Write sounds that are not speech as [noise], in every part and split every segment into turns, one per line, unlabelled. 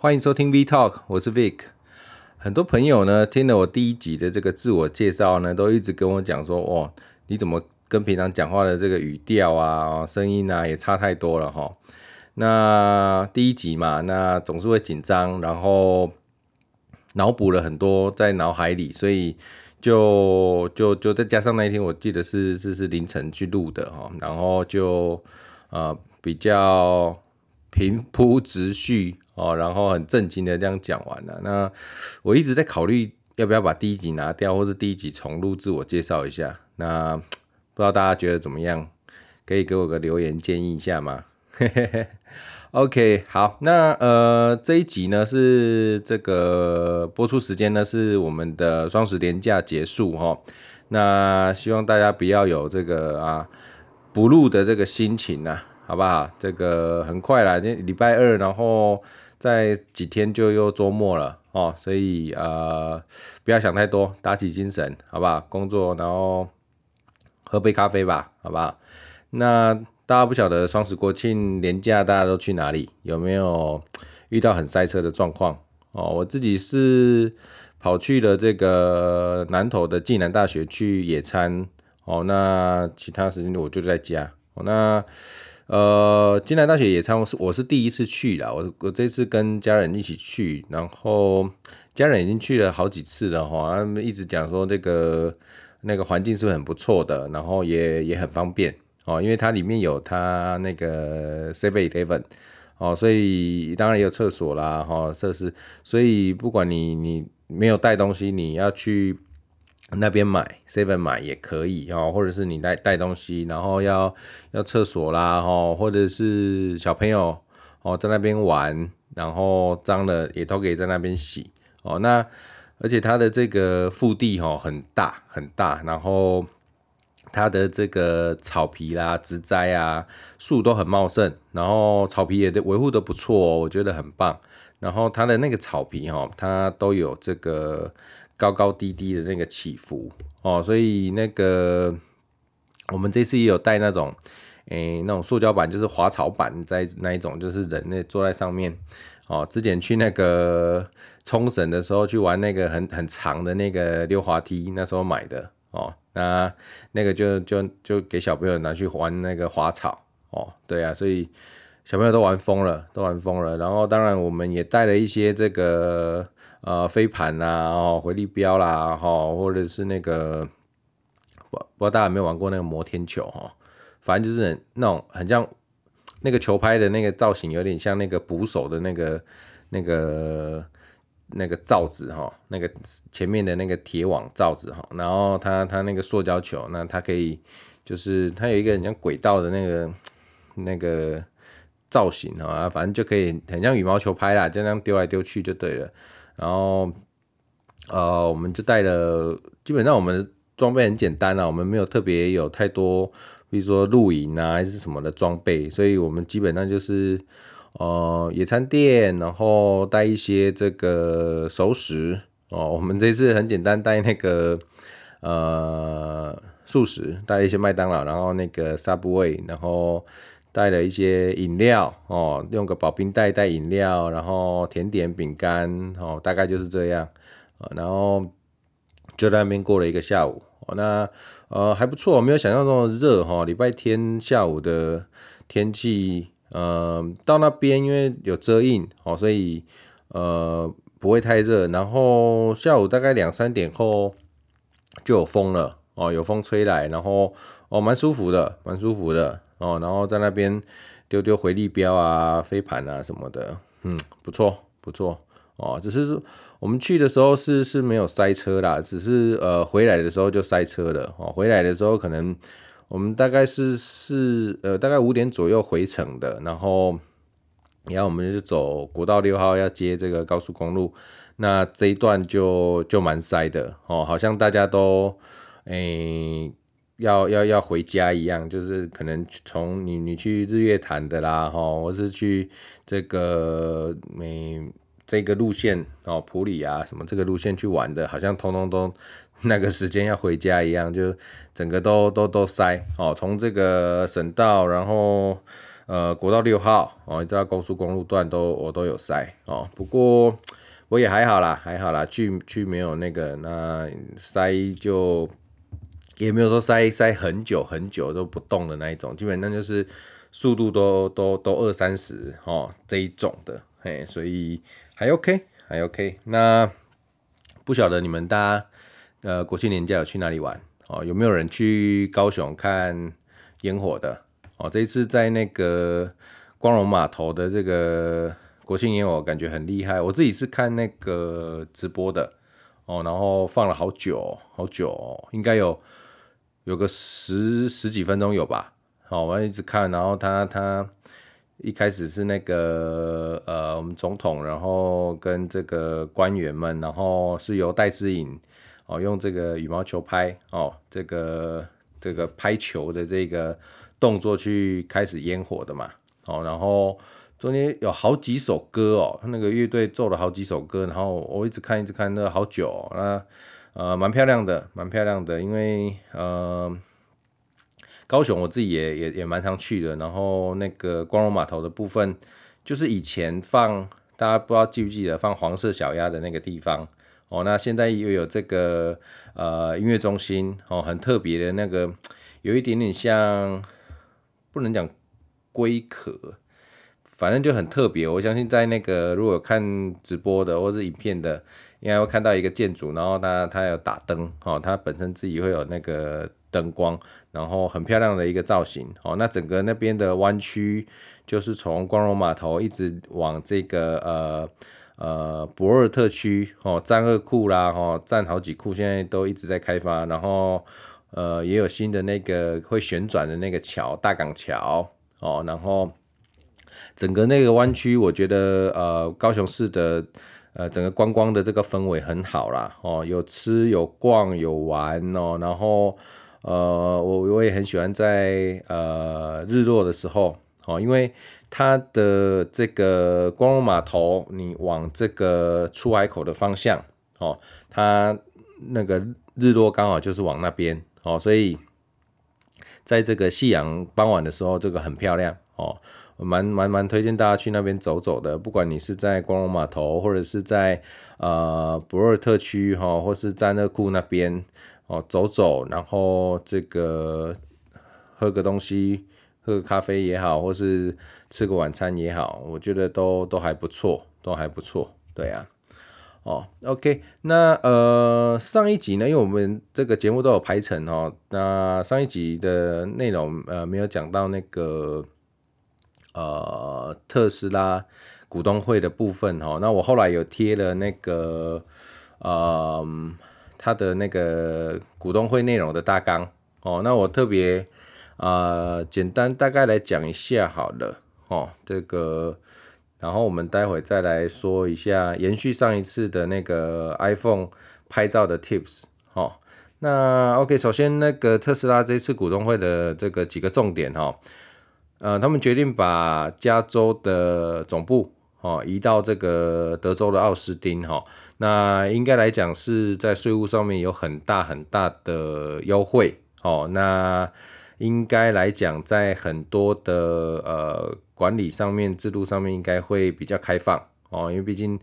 歡迎收聽 V Talk，我是 Vic。很多朋友呢聽了我第一集的這個自我介紹呢，都一直跟我講說：“哦，你怎麼跟平常講話的這個語調啊、聲音啊也差太多了哈、哦？”那第一集嘛，那總是會緊張，然後腦補了很多在腦海裡，所以就就就，就再加上那一天，我記得是是是凌晨去錄的哈、哦，然後就呃比較平鋪直敘。哦，然後很震驚的這樣講完了。那我一直在考慮要不要把第一集拿掉，或是第一集重錄自我介紹一下。那不知道大家覺得怎麼樣？可以給我個留言建議一下嗎 [laughs] ？OK，好，那呃這一集呢是這個播出時間呢是我們的雙十連假結束哈。那希望大家不要有這個啊不錄的這個心情啊好不好？這個很快啦，這禮拜二，然後。再幾天就又周末了哦，所以呃，不要想太多，打起精神，好吧？工作，然後喝杯咖啡吧，好吧？那大家不曉得雙十國慶連假大家都去哪裡？有沒有遇到很塞車的狀況？哦，我自己是跑去了這個南投的暨南大學去野餐哦。那其他時間我就在家。哦、那。呃，暨南大學野餐是我是第一次去啦，我我這次跟家人一起去，然後家人已經去了好幾次了哈，他們一直講說那個那個環境是，是很不錯的，然後也也很方便哦，因為它裡面有它那個7-11哦，所以當然也有廁所啦哈，設施，所以不管你你沒有帶東西，你要去。那邊買 seven 買也可以哦，或者是你帶帶東西，然後要要廁所啦哈，或者是小朋友哦在那邊玩，然後髒了也都可以在那邊洗哦。那而且它的這個腹地哈很大很大，然後它的這個草皮啦、植栽啊、樹都很茂盛，然後草皮也維護的不錯喔，我覺得很棒。然後它的那個草皮哈，它都有這個。高高低低的那個起伏哦，所以那個我們這次也有帶那種，誒、欸，那種塑膠板就是滑草板，在那一種就是人類坐在上面哦。之前去那個沖繩的時候去玩那個很很長的那個溜滑梯，那時候買的哦，那那個就就就給小朋友拿去玩那個滑草哦，對啊，所以。小朋友都玩瘋了，都玩瘋了。然後，當然我們也帶了一些這個呃飛盤啦、啊，哦回力鏢啦、啊，哈、哦，或者是那個不不知道大家有沒有玩過那個摩天球哦，反正就是那種很像那個球拍的那個造型，有點像那個捕手的那個那個那個罩子，哈、哦，那個前面的那個鐵網罩子哈、哦。然後它它那個塑膠球，那它可以就是它有一個很像軌道的那個那個造型啊，反正就可以很像羽毛球拍啦，就這樣丟來丟去就對了。然後，呃，我們就帶了，基本上我們裝備很簡單啊，我們沒有特別有太多，比如說露營啊還是什麼的裝備，所以我們基本上就是，呃，野餐墊，然後帶一些這個熟食哦、呃。我們這次很簡單，帶那個，呃，速食，帶一些麥當勞，然後那個 Subway，然後。帶了一些飲料哦，用個保冰袋帶飲料，然後甜點、餅乾哦，大概就是這樣。然後就在那邊過了一個下午。那呃還不錯，沒有想象中的熱哈。禮拜天下午的天氣，呃，到那邊因為有遮蔭哦，所以呃不會太熱。然後下午大概兩三點後就有風了哦，有風吹來，然後哦蠻舒服的，蠻舒服的。哦，然後在那邊丟丟回力標啊、飛盤啊什麼的，嗯，不錯，不錯。哦，只是說我們去的時候是是沒有塞車啦，只是呃回來的時候就塞車了。哦，回來的時候可能我們大概是是呃大概五點左右回程的，然後然後我們就走國道六號要接這個高速公路，那這一段就就蠻塞的。哦，好像大家都誒。欸要要要回家一樣，就是可能從你你去日月潭的啦，吼、哦，我是去這個美這個路線哦，埔里啊什麼這個路線去玩的，好像通通都那個時間要回家一樣，就整個都都都塞哦，從這個省道，然後呃國道六號哦，一直到高速公路段都我都有塞哦，不過我也還好啦，還好啦，去去沒有那個那塞就。也沒有說塞塞很久很久都不動的那一種，基本上就是速度都都都二三十哦這一種的，嘿，所以還 OK 還 OK。那不曉得你們大家呃國慶連假有去哪裡玩哦？有沒有人去高雄看煙火的？哦，這一次在那個光榮碼頭的這個國慶煙火感覺很厲害，我自己是看那個直播的哦，然後放了好久好久，哦，應該有。有個十十幾分鐘有吧，好、哦，我一直看，然後他他一開始是那個呃，我們總統，然後跟這個官員們，然後是由戴資穎哦，用這個羽毛球拍哦，這個這個拍球的這個動作去開始煙火的嘛，哦，然後中間有好幾首歌哦，那個樂隊奏了好幾首歌，然後我一直看一直看，那個、好久啊、哦。那呃，蠻漂亮的，蠻漂亮的。因為呃，高雄我自己也也也蠻常去的。然後那個光榮碼頭的部分，就是以前放大家不知道記不記得放黃色小鴨的那個地方哦。那現在又有這個呃音樂中心哦，很特別的那個，有一點點像，不能講龜殼。反正就很特別，我相信在那個如果有看直播的或是影片的，應該會看到一個建築，然後它它有打燈，哦，它本身自己會有那個燈光，然後很漂亮的一個造型，哦，那整個那邊的彎曲就是從光榮碼頭一直往這個呃呃駁二特區，哦，棧二庫啦，哦，棧好幾庫現在都一直在開發，然後呃也有新的那個會旋轉的那個橋，大港橋，哦，然後。整個那個灣區，我覺得呃，高雄市的呃，整個觀光的這個氛圍很好啦，哦，有吃有逛有玩哦，然後呃，我我也很喜歡在呃日落的時候哦，因為它的這個光榮碼頭，你往這個出海口的方向哦，它那個日落剛好就是往那邊哦，所以在這個夕陽傍晚的時候，這個很漂亮哦。蠻蠻蠻推薦大家去那邊走走的，不管你是在光榮碼頭，或者是在呃駁二特區哈、哦，或是棧貳庫那邊哦，走走，然後這個喝個東西，喝個咖啡也好，或是吃個晚餐也好，我覺得都都還不錯，都還不錯，對啊。哦，OK，那呃上一集呢，因為我們這個節目都有排程哦，那上一集的內容呃沒有講到那個。呃，特斯拉股東會的部分齁，那我後來有貼了那個呃、他的那個股東會內容的大綱哦，那我特別呃簡單大概來講一下好了哦，這個，然後我們待會再來說一下，延續上一次的那個 iPhone 拍照的 Tips 齁，那 OK，首先那個特斯拉這次股東會的這個幾個重點哈。呃，他們決定把加州的總部哦移到這個德州的奧斯汀哈，哦，那應該來講是在稅務上面有很大很大的優惠哦，那應該來講在很多的呃管理上面，制度上面應該會比較開放哦，因為畢竟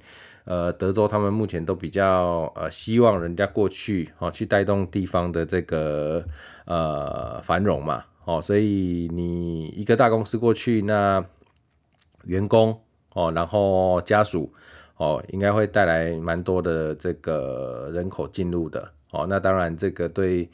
呃德州他們目前都比較呃希望人家過去哦去帶動地方的這個呃繁榮嘛。哦，所以你一個大公司過去，那員工哦，然後家屬哦，應該會帶來蠻多的這個人口進入的哦。那當然，這個對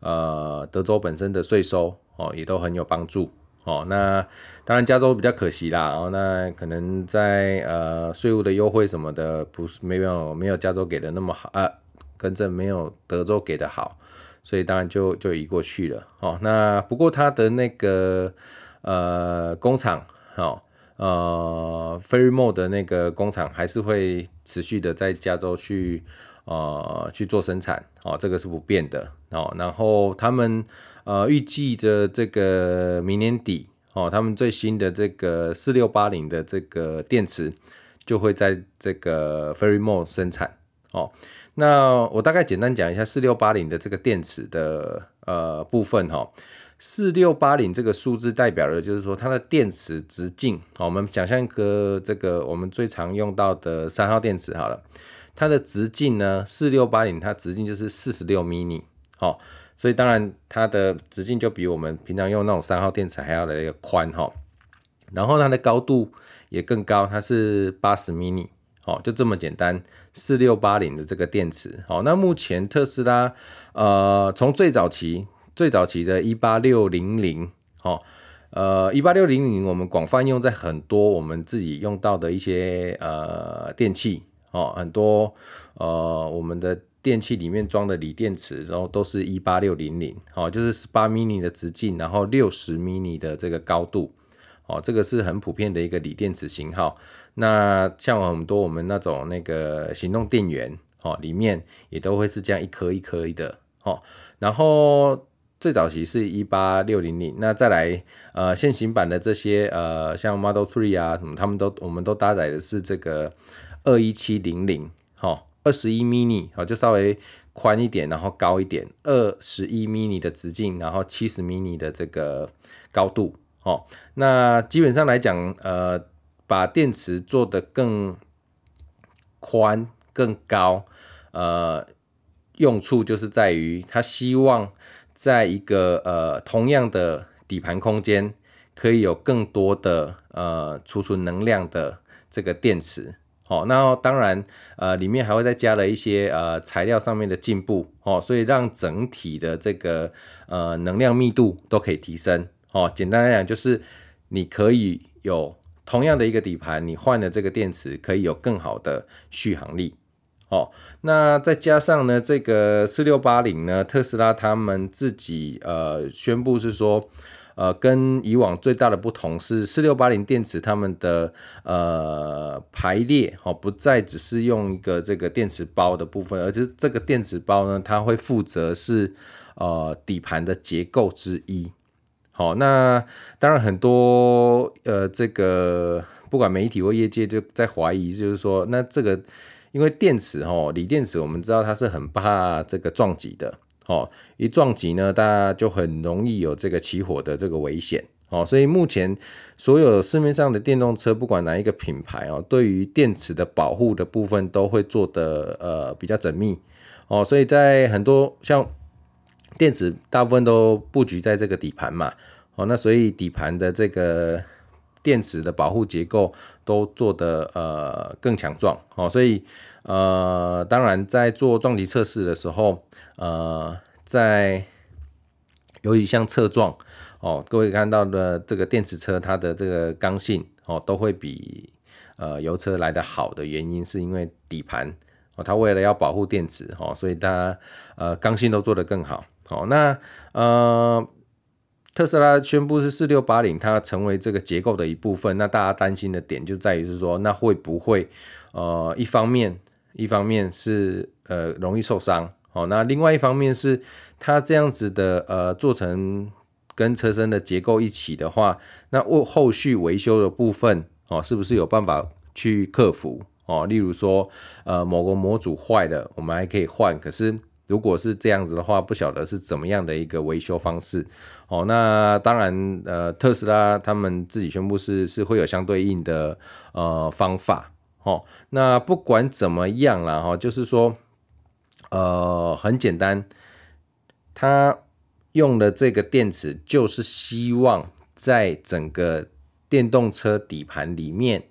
呃德州本身的稅收哦，也都很有幫助哦。那當然，加州比較可惜啦。哦，那可能在呃稅務的優惠什麼的，不是沒有沒有加州給的那麼好啊，跟着沒有德州給的好。所以當然就就移過去了哦。那不過它的那個呃工廠哦呃，Fremont 的那個工廠還是會持續的在加州去啊、呃、去做生產哦，這個是不變的哦。然後他們呃預計着這個明年底哦，他們最新的這個四六八零的這個電池就會在這個 Fremont 生產哦。那我大概簡單講一下四六八零的這個電池的呃部分哈，四六八零這個數字代表的就是說它的電池直徑，好，我們想象一個這個我們最常用到的三號電池好了，它的直徑呢四六八零它直徑就是四十六 mini，好，所以當然它的直徑就比我們平常用那種三號電池還要的一個寬哈，然後它的高度也更高，它是八十 mini。哦，就這麼簡單，四六八零的這個電池。好、哦，那目前特斯拉，呃，從最早期，最早期的一八六零零，哦，呃，一八六零零，我們廣泛用在很多我們自己用到的一些呃電器，哦，很多呃我們的電器裡面裝的鋰電池，然後都是一八六零零，哦，就是十八 mm 的直徑，然後六十 mm 的這個高度。哦，這個是很普遍的一個鋰電池型號。那像很多我們那種那個行動電源，哦，裡面也都會是這樣一顆一顆的。哦，然後最早期是一八六零零，那再來呃，現行版的這些呃，像 Model Three 啊什麼，嗯，他們都我們都搭載的是這個二一七零零，哦，二十一 mini 哦，就稍微寬一點，然後高一點，二十一 mini 的直徑，然後七十 mini 的這個高度。哦，那基本上來講，呃，把電池做得更寬、更高，呃，用處就是在於它希望在一個呃同樣的底盤空間，可以有更多的呃儲存能量的這個電池。哦，那當然，呃，裡面還會再加了一些呃材料上面的進步，哦，所以讓整體的這個呃能量密度都可以提升。哦，簡單來講就是，你可以有同樣的一個底盤，你換了這個電池可以有更好的續航力。哦，那再加上呢，這個4680呢，特斯拉他們自己呃宣布是說，呃，跟以往最大的不同是4680電池他們的呃排列哦，不再只是用一個這個電池包的部分，而是這個電池包呢，它會負責是呃底盤的結構之一。好，那當然很多呃，這個不管媒體或業界就在懷疑，就是說，那這個因為電池齁，鋰電池我們知道它是很怕這個撞擊的，哦，一撞擊呢，大家就很容易有這個起火的這個危險，哦，所以目前所有市面上的電動車，不管哪一個品牌哦，對於電池的保護的部分都會做得呃比較縝密，哦，所以在很多像。電池大部分都布局在這個底盤嘛，哦，那所以底盤的這個電池的保護結構都做得呃更強壯，哦，所以呃，當然在做撞擊測試的時候，呃，在尤其像側撞，哦，各位看到的這個電池車它的這個剛性，哦，都會比呃油車來得好的原因，是因為底盤。哦，它為了要保護電池，哦，所以它呃剛性都做得更好。好，哦，那呃特斯拉宣佈是四六八零，它成為這個結構的一部分。那大家擔心的點就在於是說，那會不會呃一方面，一方面是呃容易受傷，哦，那另外一方面是它這樣子的呃做成跟車身的結構一起的話，那我後續維修的部分哦，是不是有辦法去克服？哦，例如說，呃，某個模組壞了，我們還可以換。可是，如果是這樣子的話，不曉得是怎麼樣的一個維修方式。哦，那當然，呃，特斯拉他們自己宣布是是會有相對應的呃方法。哦，那不管怎麼樣了哈，哦，就是說，呃，很簡單，他用的這個電池就是希望在整個電動車底盤裡面，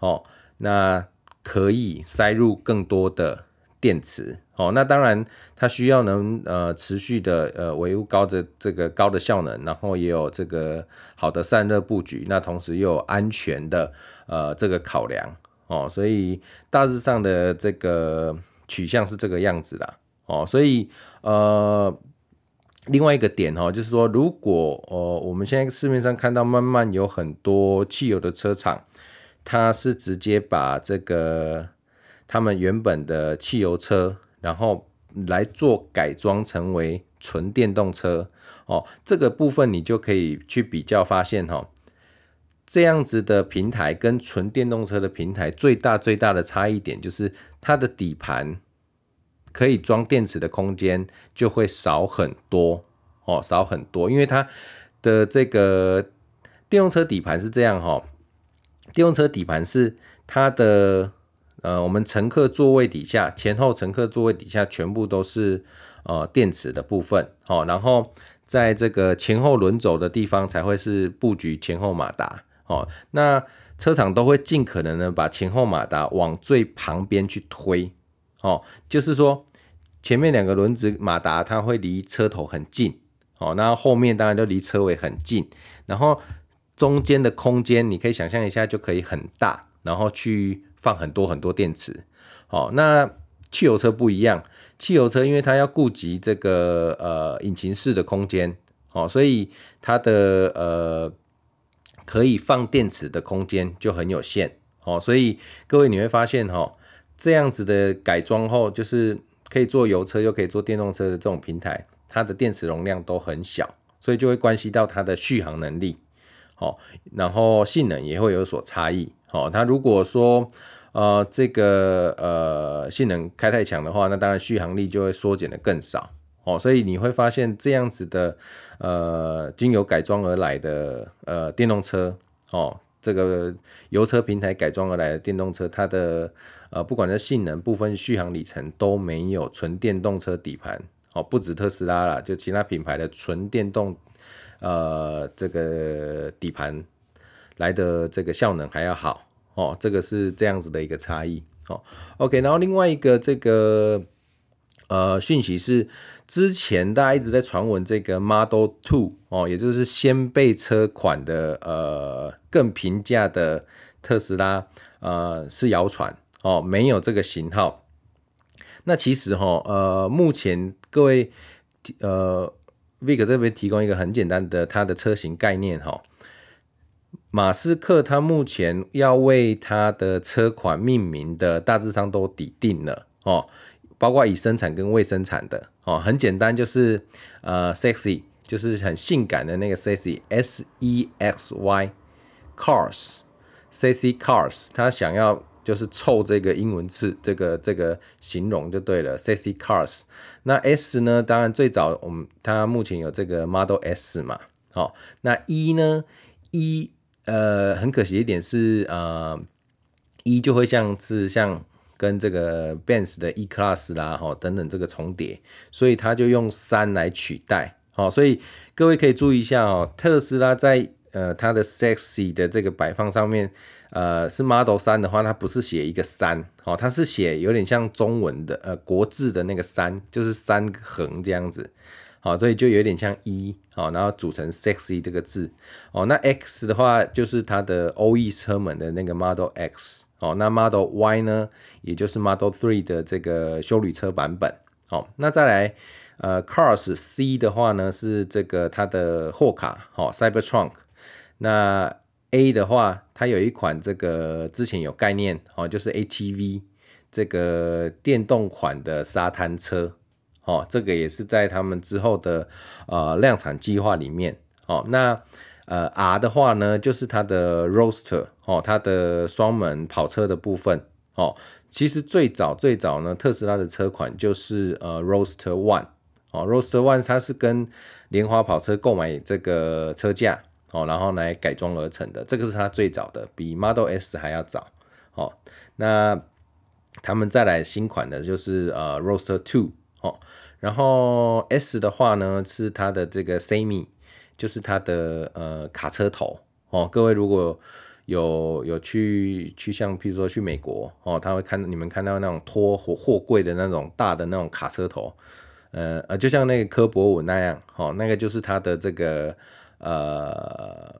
哦，那。可以塞入更多的電池哦，那當然它，需要能呃持續的呃維護高的這個高的效能，然後也有這個好的散熱布局，那同時又有安全的呃這個考量，哦，所以大致上的這個取向是這個樣子的哦，所以呃另外一個點哈、哦，就是說如果，哦、呃、我們現在市面上看到慢慢有很多汽油的車廠。它是直接把這個他們原本的汽油車，然後來做改裝成為純電動車哦。這個部分你就可以去比較發現哈，這樣子的平台跟純電動車的平台最大最大的差異點就是它的底盤可以裝電池的空間就會少很多哦，少很多，因為它的這個電動車底盤是這樣哈。電動車底盤是它的，呃，我們乘客座位底下，前後乘客座位底下全部都是呃電池的部分，哦。然後在這個前後輪軸的地方才會是布局前後馬達，哦，那車廠都會盡可能的把前後馬達往最旁邊去推，哦，就是說前面兩個輪子馬達它會離車頭很近，哦，那後面當然就離車尾很近，然後。中間的空間，你可以想象一下，就可以很大，然後去放很多很多電池。好，那汽油車不一樣，汽油車因為它要顧及這個呃引擎室的空間，好，所以它的呃可以放電池的空間就很有限。好，所以各位你會發現哈，這樣子的改裝後，就是可以做油車又可以做電動車的這種平台，它的電池容量都很小，所以就會關係到它的續航能力。哦，然後性能也會有所差異。哦，它如果說呃這個呃性能開太強的話，那當然續航力就會縮減得更少。哦，所以你會發現這樣子的呃經由改裝而來的呃電動車，哦，這個油車平台改裝而來的電動車，它的呃不管是性能部分、續航里程都沒有純電動車底盤。哦，不止特斯拉啦，就其他品牌的純電動。呃，這個底盤來的這個效能還要好哦，這個是這樣子的一個差異哦。OK，然後另外一個這個呃訊息是，之前大家一直在傳聞這個 Model Two 哦，也就是掀背車款的呃更平價的特斯拉呃是謠傳哦，沒有這個型號。那其實哈、哦、呃，目前各位呃。Vic 這邊提供一個很簡單的它的車型概念哈，馬斯克他目前要為他的車款命名的大致上都底定了哦，包括已生產跟未生產的哦，很簡單就是呃，sexy 就是很性感的那個 sexy，s e x y cars，sexy cars，他想要。就是湊這個英文字，這個這個形容就對了，sexy cars。那 S 呢？當然最早我們它目前有這個 Model S 嘛，好、哦，那 E 呢？E 呃很可惜一點是呃 E 就會像是像跟這個 Benz 的 E Class 啦，哈、哦、等等這個重疊，所以它就用三來取代，好、哦，所以各位可以注意一下哦，特斯拉在呃它的 sexy 的這個擺放上面。呃，是 Model 三的話，它不是寫一個三，哦，它是寫有點像中文的，呃，國字的那個三，就是三橫這樣子，好、哦，所以就有點像一，好，然後組成 Sexy 這個字，哦，那 X 的話就是它的歐 e 車門的那個 Model X，哦，那 Model Y 呢，也就是 Model Three 的這個修理車版本，哦，那再來，呃，Cars C 的話呢是這個它的貨卡，哦 c y b e r t r u n k 那 A 的話。它有一款這個之前有概念哦，就是 ATV 這個電動款的沙灘車哦，這個也是在他們之後的呃量產計劃裡面哦。那呃 R 的話呢，就是它的 Roadster 哦，它的雙門跑車的部分哦。其實最早最早呢，特斯拉的車款就是呃 Roadster One 哦，Roadster One 它是跟蓮花跑車購買這個車架。哦，然後來改裝而成的。這個是它最早的，比 Model S 還要早。哦，那他們再來新款的，就是呃 Roadster Two 哦，然後 S 的話呢，是它的這個 Semi，就是它的呃卡車頭。哦，各位如果有有去去像譬如說去美國哦，他會看你們看到那種拖貨貨櫃的那種大的那種卡車頭，呃呃，就像那個柯博文那樣，哦，那個就是它的這個。呃，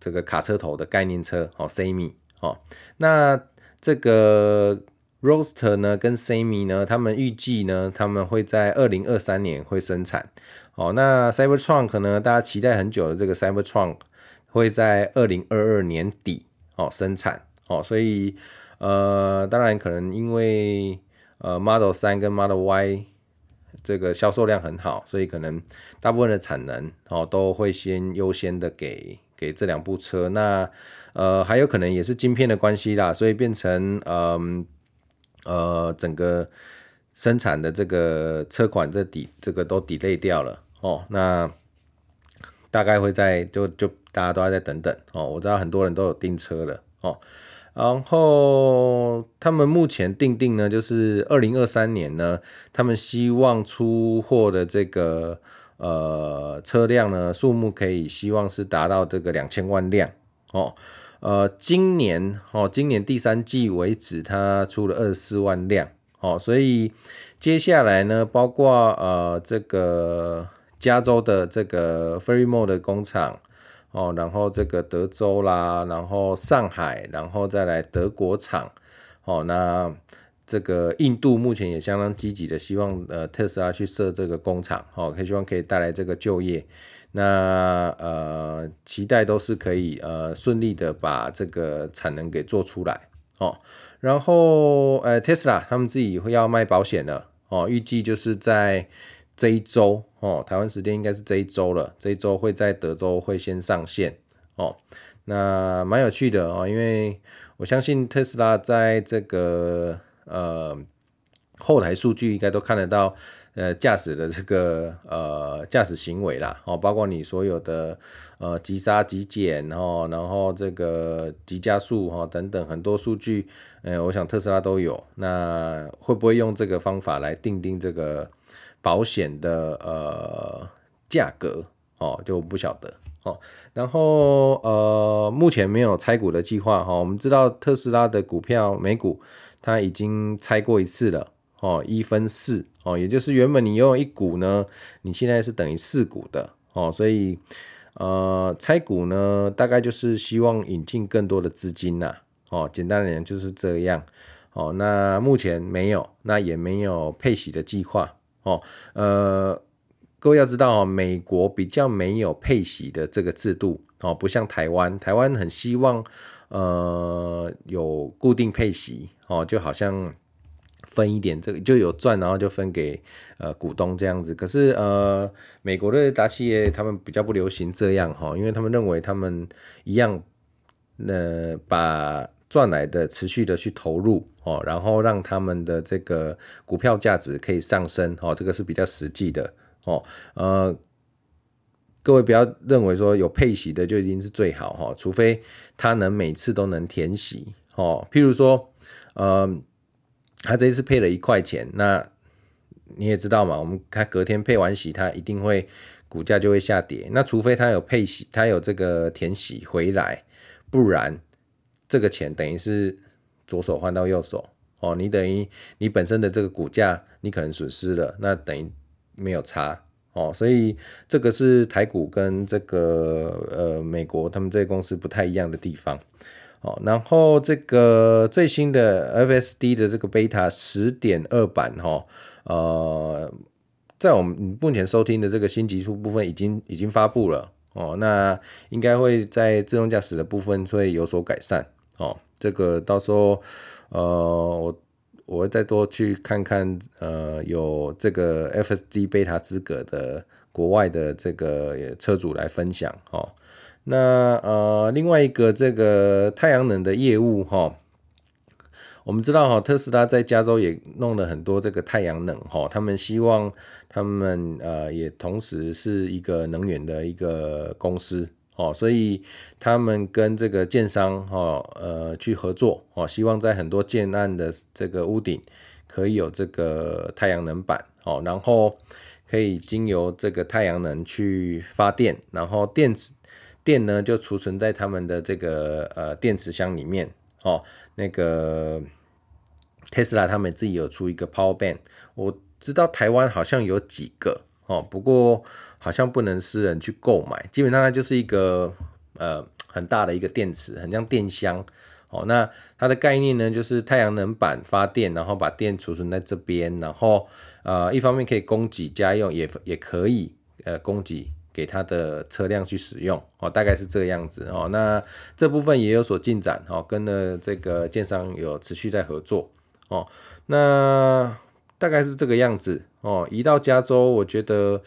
這個卡車頭的概念車哦，Semi 哦，那這個 Roadster 呢，跟 Semi 呢，他們預計呢，他們會在二零二三年會生產哦。那 Cybertruck 呢，大家期待很久的這個 Cybertruck 會在二零二二年底哦生產哦。所以呃，當然可能因為呃 Model 三跟 Model Y。這個銷售量很好，所以可能大部分的產能哦都會先優先的給給這兩部車。那呃還有可能也是晶片的關係啦，所以變成嗯呃，呃整個生產的這個車款這底、個、這個都 delay 掉了哦。那大概會在就就大家都要再等等哦。我知道很多人都有訂車了哦。然後他們目前定定呢，就是二零二三年呢，他們希望出貨的這個呃車輛呢，數目可以希望是達到這個兩千萬輛哦。呃，今年哦，今年第三季為止，它出了二十四萬輛哦，所以接下來呢，包括呃這個加州的這個 Fremont 的工廠。哦，然後這個德州啦，然後上海，然後再來德國廠，哦，那這個印度目前也相當積極的，希望呃特斯拉去設這個工廠，哦，可以希望可以帶來這個就業，那呃期待都是可以呃順利的把這個產能給做出來，哦，然後呃特斯拉他們自己會要賣保險了，哦，預計就是在這一周。哦，台灣時間應該是這一周了，這一周會在德州會先上線哦，那蠻有趣的哦，因為我相信特斯拉在這個呃後台數據應該都看得到，呃駕駛的這個呃駕駛行為啦，哦包括你所有的呃急剎、急減哦，然後這個急加速哦，等等很多數據，呃，我想特斯拉都有，那會不會用這個方法來定定這個？保險的呃價格哦，就不曉得哦，然後呃目前沒有拆股的計劃哈、哦。我們知道特斯拉的股票每股它已經拆過一次了哦，一分四哦，也就是原本你擁有一股呢，你現在是等於四股的哦，所以呃拆股呢大概就是希望引進更多的資金吶、啊、哦，簡單來講就是這樣哦。那目前沒有，那也沒有配息的計劃。哦，呃，各位要知道，哦，美國比較沒有配息的這個制度，哦，不像台灣，台灣很希望，呃，有固定配息，哦，就好像分一點這個就有賺，然後就分給呃股東這樣子。可是，呃，美國的大企業他們比較不流行這樣，哈，因為他們認為他們一樣，那、呃、把。賺來的持續的去投入哦，然後讓他們的這個股票價值可以上升哦，這個是比較實際的哦。呃，各位不要認為說有配息的就一定是最好哦，除非他能每次都能填息哦。譬如說，呃，他這一次配了一塊錢，那你也知道嘛，我們他隔天配完息，他一定會股價就會下跌。那除非他有配息，他有這個填息回來，不然。這個錢等於是左手換到右手哦，你等於你本身的這個股價，你可能損失了，那等於沒有差哦，所以這個是台股跟這個呃美國他們這個公司不太一樣的地方哦。然後這個最新的 FSD 的這個貝塔十點二版哈，呃，在我們目前收聽的這個新技術部分已經已經發布了哦，那應該會在自動駕駛的部分會有所改善。哦，這個到時候，呃，我我會再多去看看，呃，有這個 FSD 貝塔資格的國外的這個也車主來分享哦。那呃，另外一個這個太陽能的業務哈、哦，我們知道哈，特斯拉在加州也弄了很多這個太陽能哈、哦，他們希望他們呃也同時是一個能源的一個公司。哦，所以他們跟這個建商，哈、哦，呃，去合作，哦，希望在很多建案的這個屋頂可以有這個太陽能板，哦，然後可以經由這個太陽能去發電，然後電池，電呢就儲存在他們的這個呃電池箱裡面，哦，那個特斯拉他們自己有出一個 Power Bank，我知道台灣好像有幾個，哦，不過。好像不能私人去購買，基本上它就是一個呃很大的一個電池，很像電箱哦。那它的概念呢，就是太陽能板發電，然後把電儲存在這邊，然後呃一方面可以供給家用，也也可以呃供給給它的車輛去使用哦。大概是這個樣子哦。那這部分也有所進展哦，跟了這個建商有持續在合作哦。那大概是這個樣子哦。移到加州，我覺得。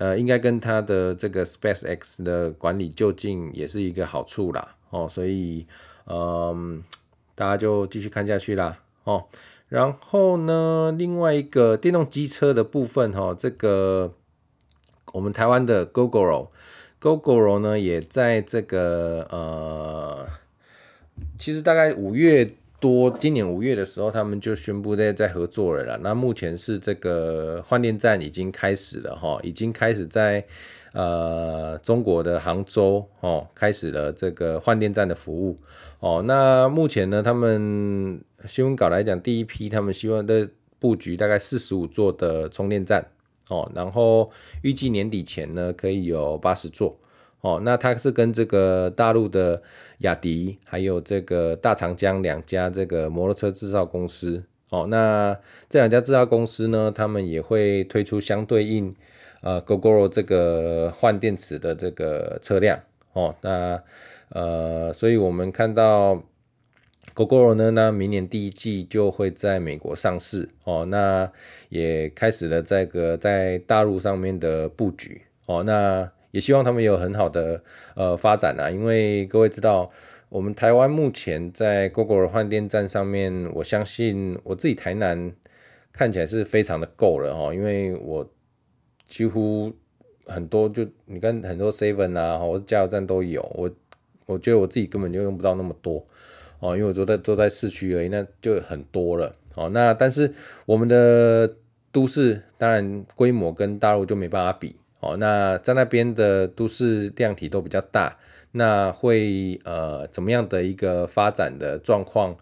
呃，應該跟他的這個 SpaceX 的管理就近也是一個好處啦，哦，所以，嗯、呃，大家就繼續看下去啦，哦，然後呢，另外一個電動機車的部分，哈、哦，這個我們台灣的 Gogoro，Gogoro Gogoro 呢也在這個，呃，其實大概五月。多，今年五月的時候，他們就宣布在在合作了啦。那目前是這個換電站已經開始了哈，已經開始在呃中國的杭州哦，開始了這個換電站的服務哦。那目前呢，他們新聞稿來講，第一批他們希望的布局大概四十五座的充電站哦，然後預計年底前呢，可以有八十座。哦，那它是跟這個大陸的雅迪，還有這個大長江兩家這個摩托車製造公司，哦，那這兩家製造公司呢，他們也會推出相對應，呃，Gogoro 這個換電池的這個車輛，哦，那呃，所以我們看到 Gogoro 呢，那明年第一季就會在美國上市，哦，那也開始了這個在大陸上面的布局，哦，那。也希望他們有很好的呃發展啊，因為各位知道，我們台灣目前在 Google 換電站上面，我相信我自己台南看起來是非常的夠了哈，因為我幾乎很多就你看很多 Seven 啊，哈，或加油站都有，我我覺得我自己根本就用不到那麼多哦，因為我都在都在市區而已，那就很多了哦。那但是我們的都市當然規模跟大陸就沒辦法比。哦，那在那邊的都市量體都比較大，那會呃怎麼樣的一個發展的狀況？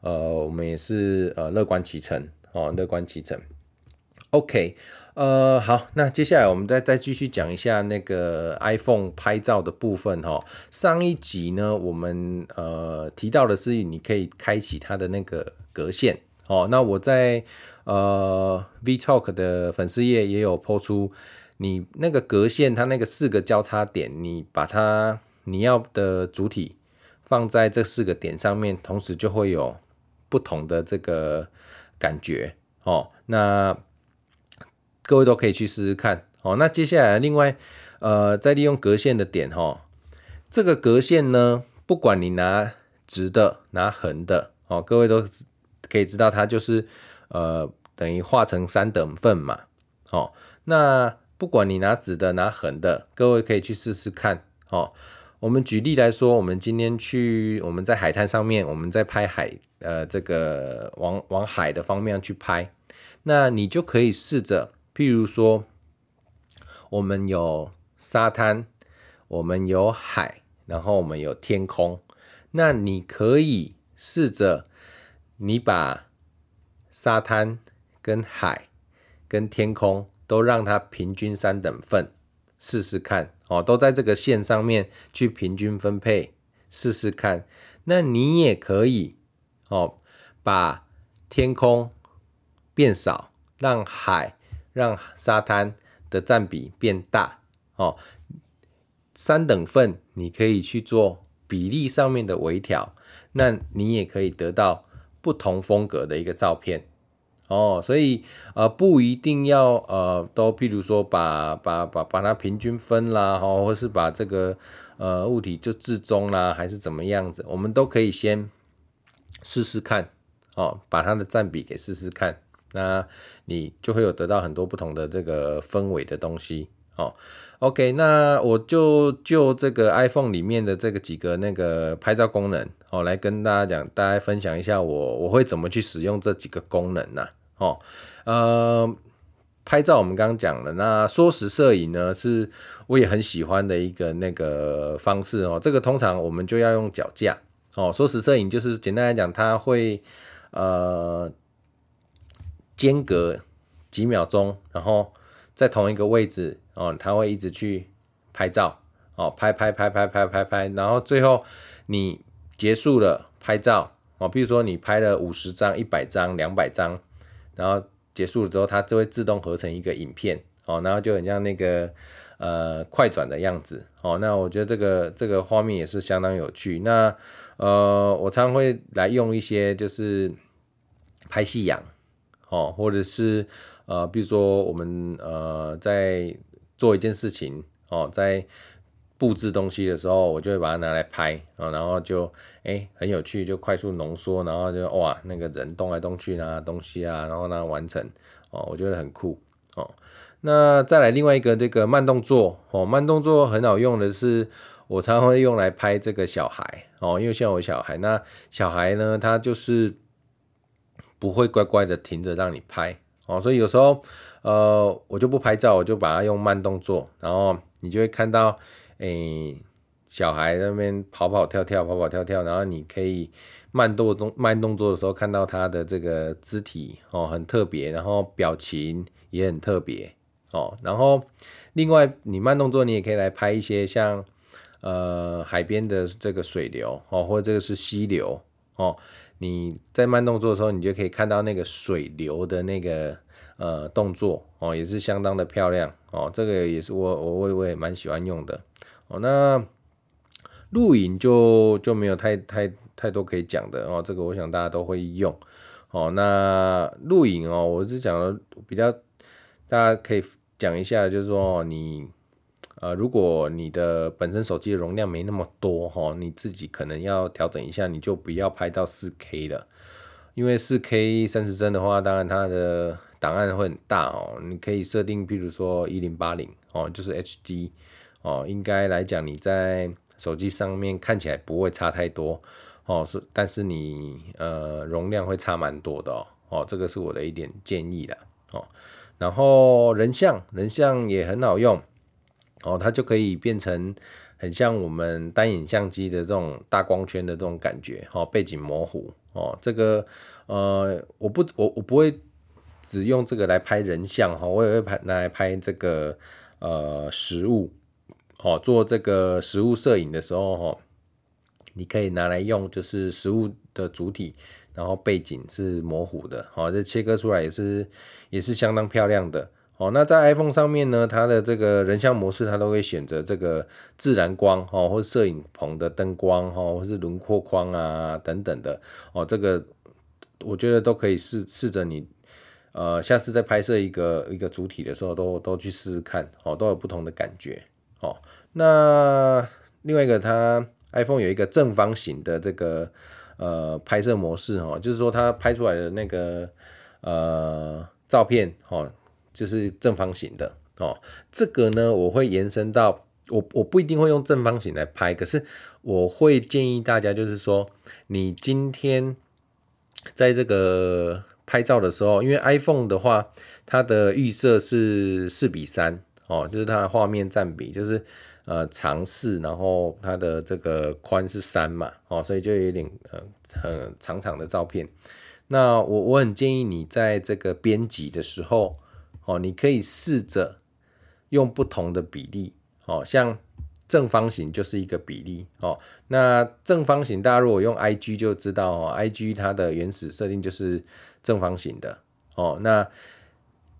呃，我們也是呃樂觀其成，哦，樂觀其成。OK，呃，好，那接下來我們再再繼續講一下那個 iPhone 拍照的部分，哈、哦。上一集呢，我們呃提到的是你可以開啟它的那個格線，哦，那我在呃 V Talk 的粉絲頁也有拋出。你那個格線，它那個四個交叉點，你把它你要的主體放在這四個點上面，同時就會有不同的這個感覺哦。那各位都可以去試試看哦。那接下來另外呃，再利用格線的點哈，這個格線呢，不管你拿直的拿橫的哦，各位都可以知道它就是呃等於畫成三等份嘛哦，那。不管你拿直的，拿橫的，各位可以去試試看。哦，我們舉例來說，我們今天去，我們在海灘上面，我們在拍海，呃，這個往，往海的方面去拍，那你就可以試着，譬如說，我們有沙灘，我們有海，然後我們有天空，那你可以試着，你把沙灘跟海跟天空。都讓它平均三等份，試試看哦。都在這個線上面去平均分配，試試看。那你也可以哦，把天空變少，讓海、讓沙灘的占比變大哦。三等份你可以去做比例上面的微調，那你也可以得到不同風格的一個照片。哦，所以呃，不一定要呃，都譬如說把把把把它平均分啦，哦，或是把這個呃物體就置中啦，還是怎麼樣子，我們都可以先試試看，哦，把它的占比給試試看，那你就會有得到很多不同的這個氛圍的東西，哦。OK，那我就就這個 iPhone 裡面的這個幾個那個拍照功能哦，來跟大家講，大家分享一下我我會怎麼去使用這幾個功能呢、啊？哦，呃，拍照我們剛剛講了，那縮時攝影呢是我也很喜歡的一個那個方式哦。這個通常我們就要用腳架哦。縮時攝影就是簡單來講，它會呃間隔幾秒鐘，然後。在同一個位置哦，它會一直去拍照哦，拍拍拍拍拍拍拍，然後最後你結束了拍照哦，譬如說你拍了五十張、一百張、兩百張，然後結束了之後，它就會自動合成一個影片哦，然後就很像那個呃快轉的樣子哦。那我覺得這個這個畫面也是相當有趣。那呃，我常會來用一些就是拍夕陽哦，或者是。呃，比如說我們呃在做一件事情哦，在布置東西的時候，我就會把它拿來拍啊、哦，然後就哎、欸、很有趣，就快速濃縮，然後就哇那個人動來動去拿，拿東西啊，然後呢完成哦，我覺得很酷哦。那再來另外一個這個慢動作哦，慢動作很好用的是我常常會用來拍這個小孩哦，因為現在我小孩那小孩呢，他就是不會乖乖的停着讓你拍。哦，所以有時候，呃，我就不拍照，我就把它用慢動作，然後你就會看到，誒、欸，小孩那邊跑跑跳跳，跑跑跳跳，然後你可以慢動作。慢動作的時候看到他的這個肢體哦，很特別，然後表情也很特別哦。然後另外，你慢動作你也可以來拍一些像，呃，海邊的這個水流哦，或者這個是溪流哦。你在慢動作的時候，你就可以看到那個水流的那個呃動作哦、喔，也是相當的漂亮哦、喔。這個也是我我我也蠻喜歡用的哦、喔。那錄影就就沒有太太太多可以講的哦、喔。這個我想大家都會用哦、喔。那錄影哦、喔，我是講的比較大家可以講一下，就是說、喔、你。呃，如果你的本身手機的容量沒那麼多哈、哦，你自己可能要調整一下，你就不要拍到四 K 了，因為四 K 三十幀的話，當然它的檔案會很大哦。你可以設定，譬如說一零八零哦，就是 HD 哦，應該來講你在手機上面看起來不會差太多哦，是，但是你呃容量會差蠻多的哦，哦。這個是我的一點建議的哦。然後人像，人像也很好用。哦，它就可以變成很像我們單眼相機的這種大光圈的這種感覺，哈、哦，背景模糊，哦，這個，呃，我不，我我不會只用這個來拍人像，哈、哦，我也會拍拿來拍這個呃食物，哦，做這個食物攝影的時候，哈、哦，你可以拿來用，就是食物的主體，然後背景是模糊的，哈、哦，這切割出來也是也是相當漂亮的。哦，那在 iPhone 上面呢，它的這個人像模式，它都會選擇這個自然光哈，或者攝影棚的燈光哈，或者是輪廓光啊等等的。哦，這個我覺得都可以試試着你，呃，下次在拍攝一個一個主體的時候都，都都去試試看哦，都有不同的感覺。哦，那另外一個，它 iPhone 有一個正方形的這個呃拍攝模式哈，哦，就是說它拍出來的那個呃照片哦。就是正方形的哦，這個呢，我會延伸到我我不一定會用正方形來拍，可是我會建議大家，就是說你今天在這個拍照的時候，因為 iPhone 的話，它的預設是四比三哦，就是它的畫面占比就是呃長四，然後它的這個寬是三嘛哦，所以就有點呃很長長的照片。那我我很建議你在這個編輯的時候。哦，你可以試着用不同的比例，哦，像正方形就是一個比例，哦，那正方形大家如果用 IG 就知道哦，哦，IG 它的原始設定就是正方形的，哦，那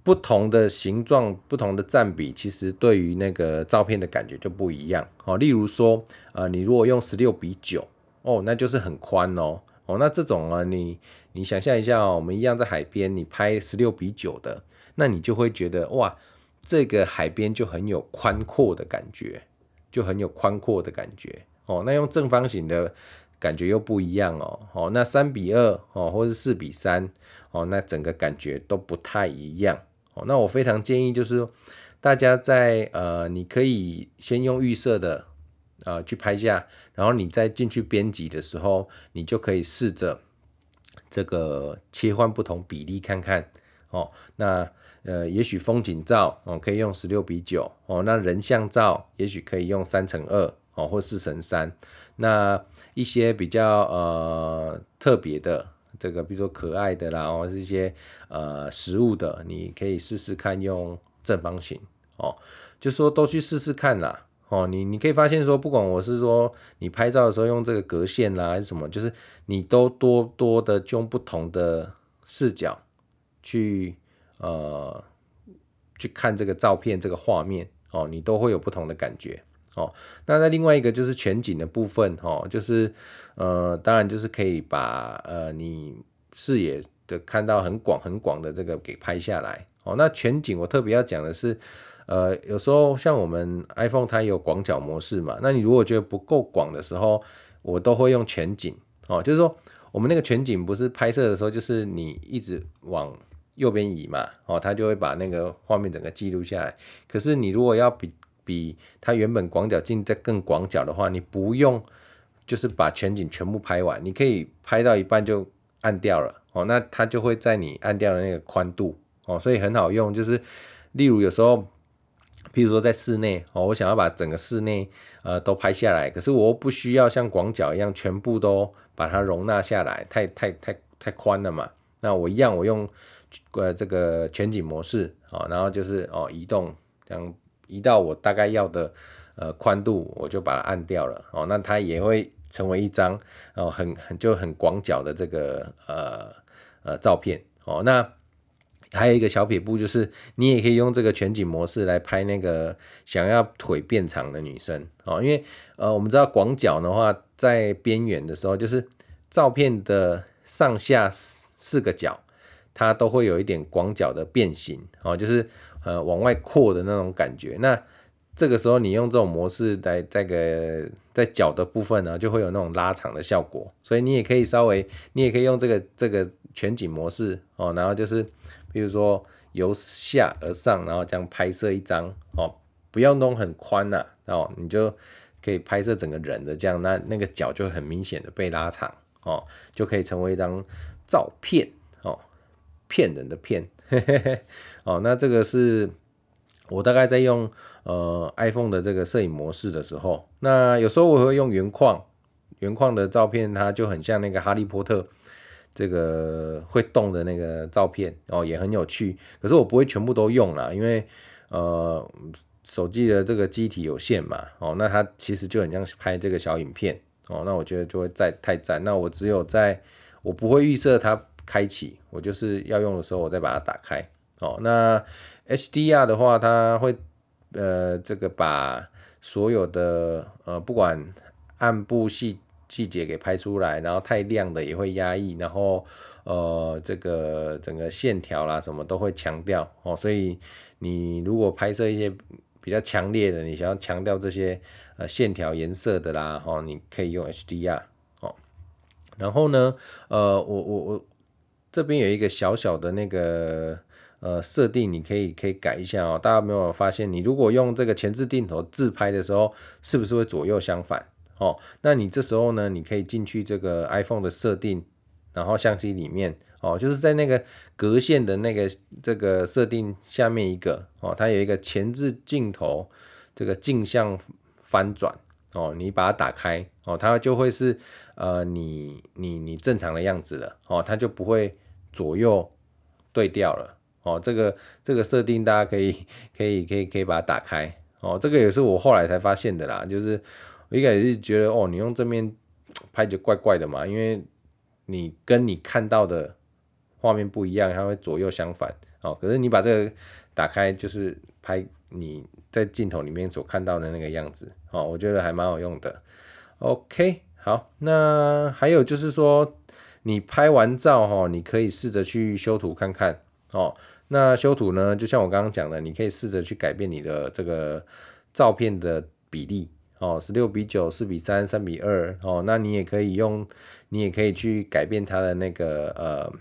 不同的形狀、不同的佔比，其實對於那個照片的感覺就不一樣，哦，例如說，呃，你如果用十六比九，哦，那就是很寬哦，哦，那這種啊，你你想象一下哦，我們一樣在海邊，你拍十六比九的。那你就會覺得哇，這個海邊就很有寬闊的感覺，就很有寬闊的感覺哦。那用正方形的感覺又不一樣哦。好，哦，那三比二哦，或是四比三哦，那整個感覺都不太一樣哦。那我非常建議就是大家在呃，你可以先用預設的呃去拍下，然後你再進去編輯的時候，你就可以試着這個切換不同比例看看哦。那呃，也許風景照哦可以用十六比九哦，那人像照也許可以用三乘二哦或四乘三。那一些比較呃特別的這個，比如說可愛的啦哦，是一些呃食物的，你可以試試看用正方形哦，就說都去試試看啦哦。你你可以發現說，不管我是說你拍照的時候用這個格線啦還是什麼，就是你都多多的就用不同的視角去。呃，去看這個照片，這個畫面哦，你都會有不同的感覺哦。那在另外一個就是全景的部分哦，就是呃，當然就是可以把呃你視野的看到很廣、很廣的這個給拍下來哦。那全景我特別要講的是，呃，有時候像我們 iPhone 它有廣角模式嘛，那你如果覺得不夠廣的時候，我都會用全景哦。就是說我們那個全景不是拍攝的時候，就是你一直往。右邊移嘛，哦，它就會把那個畫面整個記錄下來。可是你如果要比比它原本廣角鏡再更廣角的話，你不用就是把全景全部拍完，你可以拍到一半就按掉了，哦，那它就會在你按掉的那個寬度，哦，所以很好用。就是例如有時候，譬如說在室內，哦，我想要把整個室內呃都拍下來，可是我不需要像廣角一樣全部都把它容納下來，太太太太寬了嘛。那我一樣我用。呃，這個全景模式啊，哦，然後就是哦，移動，這樣移到我大概要的呃寬度，我就把它按掉了哦，那它也會成為一張哦很很就很廣角的這個呃呃照片哦。那還有一個小撇步，就是你也可以用這個全景模式來拍那個想要腿變長的女生哦，因為呃我們知道廣角的話，在邊緣的時候，就是照片的上下四個角。它都會有一點廣角的變形哦，就是呃往外擴的那種感覺。那這個時候你用這種模式來，這個在腳的部分呢，就會有那種拉長的效果。所以你也可以稍微，你也可以用這個這個全景模式哦。然後就是比如說由下而上，然後這樣拍攝一張哦，不要弄很寬吶、啊、哦，你就可以拍攝整個人的這樣，那那個腳就很明顯的被拉長哦，就可以成為一張照片。騙人的騙，嘿嘿嘿。哦，那這個是我大概在用呃 iPhone 的這個攝影模式的時候，那有時候我會用原況，原況的照片它就很像那個哈利波特這個會動的那個照片哦，也很有趣。可是我不會全部都用了，因為呃手機的這個記憶體有限嘛，哦，那它其實就很像是拍這個小影片哦，那我覺得就會在太讚，那我只有在我不會預設它，開啟，我就是要用的時候，我再把它打開哦。那 HDR 的話，它會呃，這個把所有的呃，不管暗部細細節給拍出來，然後太亮的也會壓抑，然後呃，這個整個線條啦什麼都會強調哦。所以你如果拍攝一些比較強烈的，你想要強調這些呃線條顏色的啦，哦，你可以用 HDR 哦。然後呢，呃，我我我。這邊有一個小小的那個呃設定，你可以可以改一下哦。大家有沒有發現，你如果用這個前置鏡頭自拍的時候，是不是會左右相反哦？那你這時候呢，你可以進去這個 iPhone 的設定，然後相機裡面哦，就是在那個格線的那個這個設定下面一個哦，它有一個前置鏡頭這個鏡像翻轉哦，你把它打開哦，它就會是呃你你你正常的樣子了哦，它就不會。左右對調了哦，這個這個設定大家可以可以可以可以把它打開哦，這個也是我後來才發現的啦，就是我一開始是覺得哦，你用正面拍就怪怪的嘛，因為你跟你看到的畫面不一樣，它會左右相反哦。可是你把這個打開，就是拍你在鏡頭裡面所看到的那個樣子哦，我覺得還蠻好用的。OK，好，那還有就是說。你拍完照哦，你可以試着去修圖看看哦。那修圖呢，就像我剛剛講的，你可以試着去改變你的這個照片的比例哦，十六比九、四比三、三比二哦。那你也可以用，你也可以去改變它的那個呃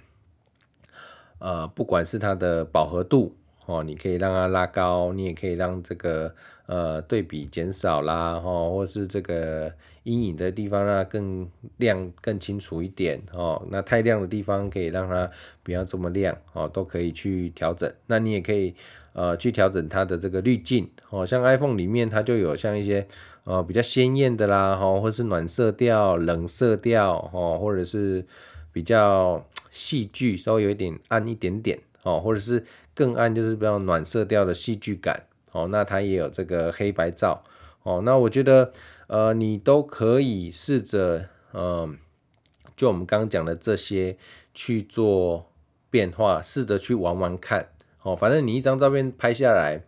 呃，不管是它的飽和度。哦，你可以讓它拉高，你也可以讓這個呃對比減少啦，哈，或是這個陰影的地方啊，更亮、更清楚一點，哦，那太亮的地方可以讓它不要這麼亮，哦，都可以去調整。那你也可以呃去調整它的這個濾鏡，哦，像 iPhone 裡面它就有像一些呃比較鮮豔的啦，哈、哦，或是暖色調、冷色調，哦，或者是比較戲劇，稍微有一點暗一點點。哦，或者是更暗，就是比較暖色調的戲劇感。哦，那它也有這個黑白照。哦，那我覺得，呃，你都可以試着，嗯、呃，就我們剛剛講的這些去做變化，試着去玩玩看。哦，反正你一張照片拍下來，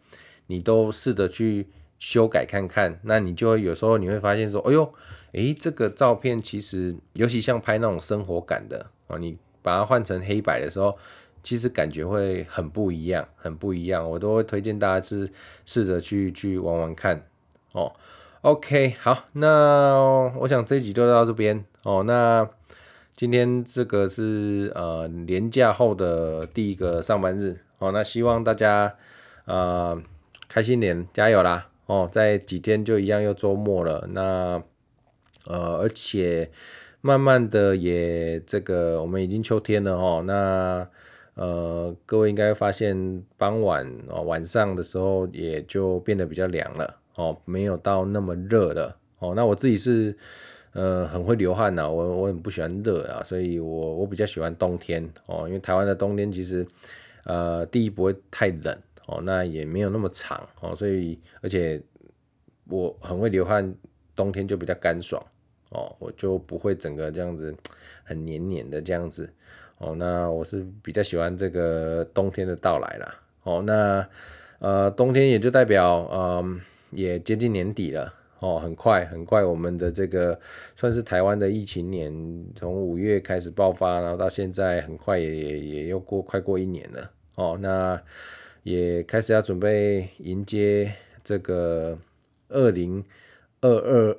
你都試着去修改看看，那你就會有時候你會發現說，哎呦，誒、欸，這個照片其實，尤其像拍那種生活感的哦，你把它換成黑白的時候。其實感覺會很不一樣，很不一樣，我都會推薦大家是試着去去玩玩看哦。OK，好，那我想這集就到這邊哦。那今天這個是呃年假後的第一個上班日哦。那希望大家呃開心點，加油啦哦。再幾天就一樣又周末了，那呃而且慢慢的也這個我們已經秋天了哦。那呃，各位應該發現傍晚哦，晚上的時候也就變得比較涼了哦，沒有到那麼熱了哦。那我自己是呃很會流汗吶，我我很不喜歡熱啊，所以我我比較喜歡冬天哦，因為台灣的冬天其實呃第一不會太冷哦，那也沒有那麼長哦，所以而且我很會流汗，冬天就比較乾爽哦，我就不會整個這樣子很黏黏的這樣子。哦，那我是比較喜歡這個冬天的到來啦。哦，那呃，冬天也就代表嗯、呃、也接近年底了。哦，很快很快，我們的這個算是台灣的疫情年，從五月開始爆發，然後到現在，很快也也、也又過快過一年了。哦，那也開始要準備迎接這個二零二二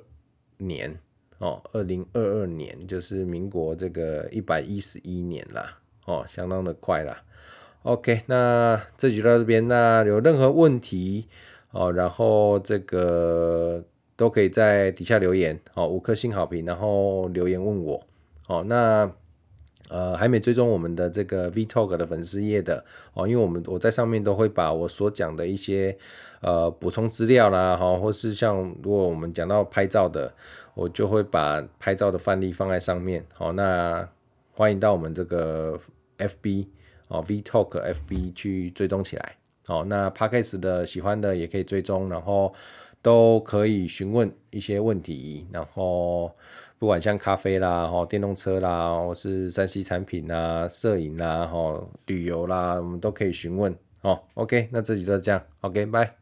年。哦、喔，二零二二年就是民國這個一百一十一年啦，哦、喔，相當的快啦。OK，那這集到這邊，那有任何問題哦、喔，然後這個都可以在底下留言哦、喔，五顆星好評，然後留言問我哦、喔。那呃，還沒追蹤我們的這個 V Talk 的粉絲頁的哦、喔，因為我們我在上面都會把我所講的一些。呃，補充資料啦，哈，或是像如果我們講到拍照的，我就會把拍照的範例放在上面，好，那歡迎到我們這個 FB 哦 V Talk FB 去追蹤起來，好，那 Podcast 的喜歡的也可以追蹤，然後都可以詢問一些問題，然後不管像咖啡啦，哈，電動車啦，或是3 C 產品啦、攝影啦，哈，旅遊啦，我們都可以詢問，好，OK，那這裡就這樣，OK，拜。